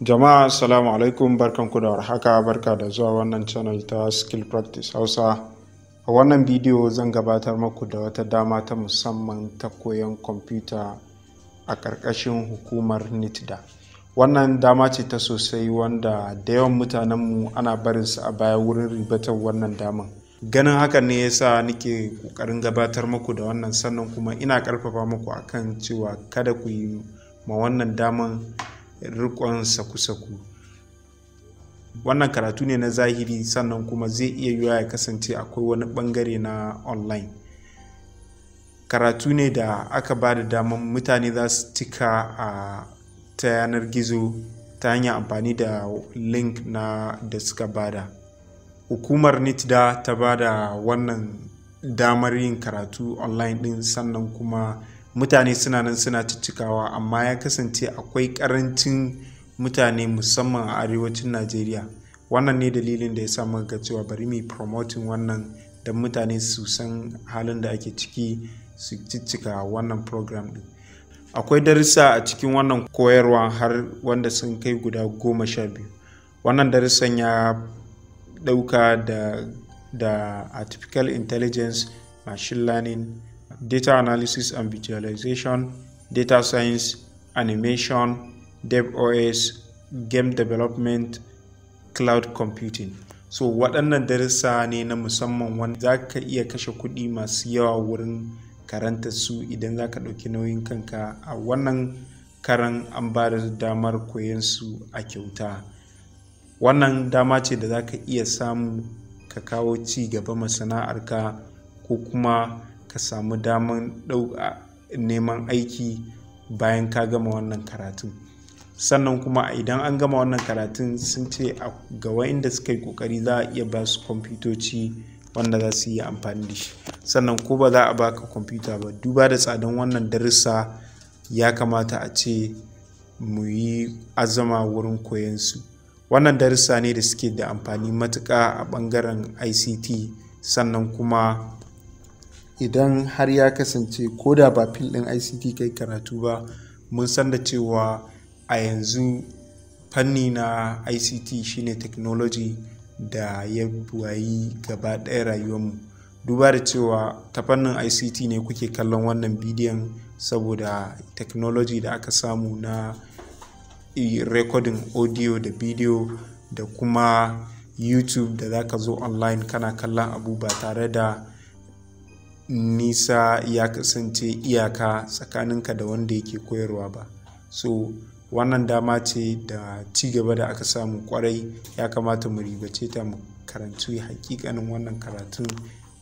jama'a assalamu alaikum barkanku da warhaka barka da zuwa wannan channel ta skill practice hausa a wannan bidiyo zan gabatar muku da wata dama ta musamman ta koyon kwamfuta a ƙarƙashin hukumar nitda wannan dama ce ta sosai wanda da yawan mutanenmu ana barin su a baya wurin ribatar wannan daman ganin haka ne yasa nake ƙoƙarin gabatar muku da wannan sannan kuma ina ƙarfafa muku akan cewa kada ku yi ma wannan daman rikon saku-saku wannan karatu ne na zahiri sannan kuma zai iya yiwuwa ya kasance akwai wani bangare na online karatu ne da aka ba da daman mutane za su cika a ta yanar gizo ta hanyar amfani da link na da suka bada hukumar nitda ta ba da wannan damar yin karatu online din sannan kuma mutane suna nan suna ciccikawa amma ya kasance akwai karancin mutane musamman a arewacin najeriya wannan ne dalilin da ya sa ga cewa bari mai promoting wannan da mutane su san halin da ake ciki su ciccika wannan program din akwai darussa a cikin wannan koyarwa har wanda sun kai guda goma sha biyu wannan darussan ya ɗauka da, da artificial intelligence machine learning data analysis and visualization, data science, animation, DevOS, game development, cloud computing. So waɗannan darussa ne na musamman wanda za ka iya kashe kuɗi masu yawa wurin karanta su idan za ka ɗauki nauyin kanka a wannan karan an ba da damar koyon su a kyauta. Wannan dama ce da za ka iya samu ka kawo ci gaba masana'arka ko kuma ka samu daman neman aiki bayan ka gama wannan karatun sannan kuma idan an gama wannan karatun sun ce ga wa'inda suka yi kokari za a iya ba su kwamfutoci wanda za su yi amfani da shi sannan ko ba za a baka kwamfuta ba duba da tsadan wannan darussa ya kamata a ce mu yi azama wurin koyan su wannan darussa ne da suke da amfani matuka a ɓangaren ict sannan kuma idan har ya kasance ko da ba fil ɗin ict kai karatu ba mun san da cewa a yanzu fanni na ict shine technology da ya wayi gaba ɗaya mu. duba da cewa ta fannin ict ne kuke kallon wannan bidiyon saboda technology da aka samu na recording audio da video da kuma youtube da za ka zo online kana kallon abu ba tare da nisa ya kasance iyaka tsakaninka da wanda yake koyarwa ba so wannan dama ce da ci gaba da aka samu kwarai ya kamata mu ribace ta mu karanci hakikanin wannan karatun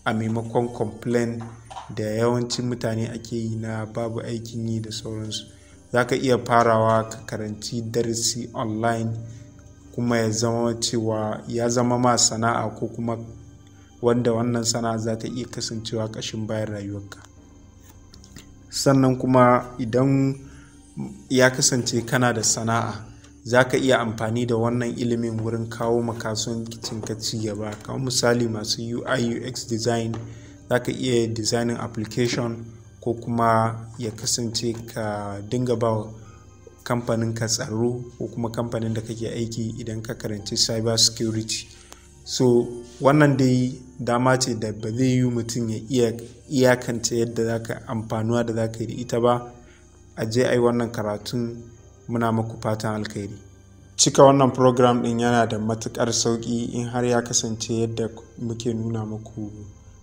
a maimakon complain da yawancin mutane ake yi na babu aikin yi da sauransu za ka iya farawa ka karanci darasi online kuma ya zama cewa ya zama ma sana'a ko kuma wanda wannan sana'a za ta iya kasancewa ƙashin bayan rayuwarka sannan kuma idan ya kasance kana da sana'a za ka iya amfani da wannan ilimin wurin kawo kicin ka ci gaba kamar misali masu ui ux design za ka iya designing application ko kuma ya kasance ka dinga ba kamfanin ka tsaro ko kuma kamfanin da kake aiki idan ka karanci cyber security so wannan dai dama ce da ba zai yi mutum ya iya iyakance yadda za ka amfanuwa da za ka yi ita ba a je a yi wannan karatun muna maku fatan alkhairi cika wannan program din yana da matukar sauki in har ya kasance yadda muke nuna muku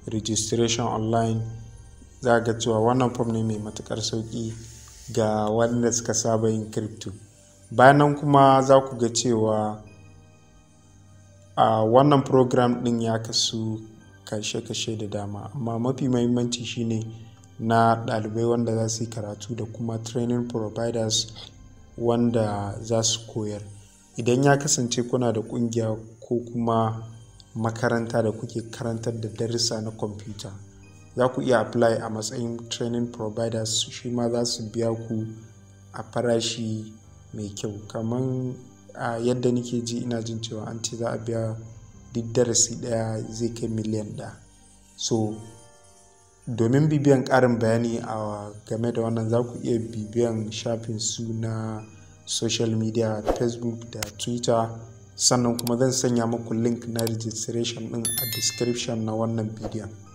registration online za ga cewa wannan form ne mai matukar sauki ga waɗanda suka saba yin crypto bayan kuma za ku ga cewa a wannan program ɗin ya kasu kashe-kashe da dama amma mafi mahimmanci shine na ɗalibai wanda za su yi karatu da kuma training providers wanda za su koyar idan ya kasance kuna da ƙungiya ko kuma makaranta da kuke karantar da darussa na kwamfuta za ku iya apply a matsayin training providers shi ma za su biya ku a farashi mai kyau kamar a yadda nake ji ina jin cewa an ce za a biya duk darasi daya zai kai miliyan ɗaya so domin bibiyan ƙarin bayani a game da wannan za ku iya bibiyan shafin su na social media facebook da twitter sannan kuma zan sanya muku link na registration din a description na wannan bidiyon